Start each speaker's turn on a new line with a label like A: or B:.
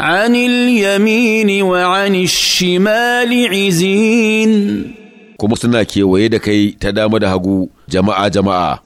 A: عن اليمين وعن الشمال kuma suna kewaye da kai ta dama da hagu jama'a jama'a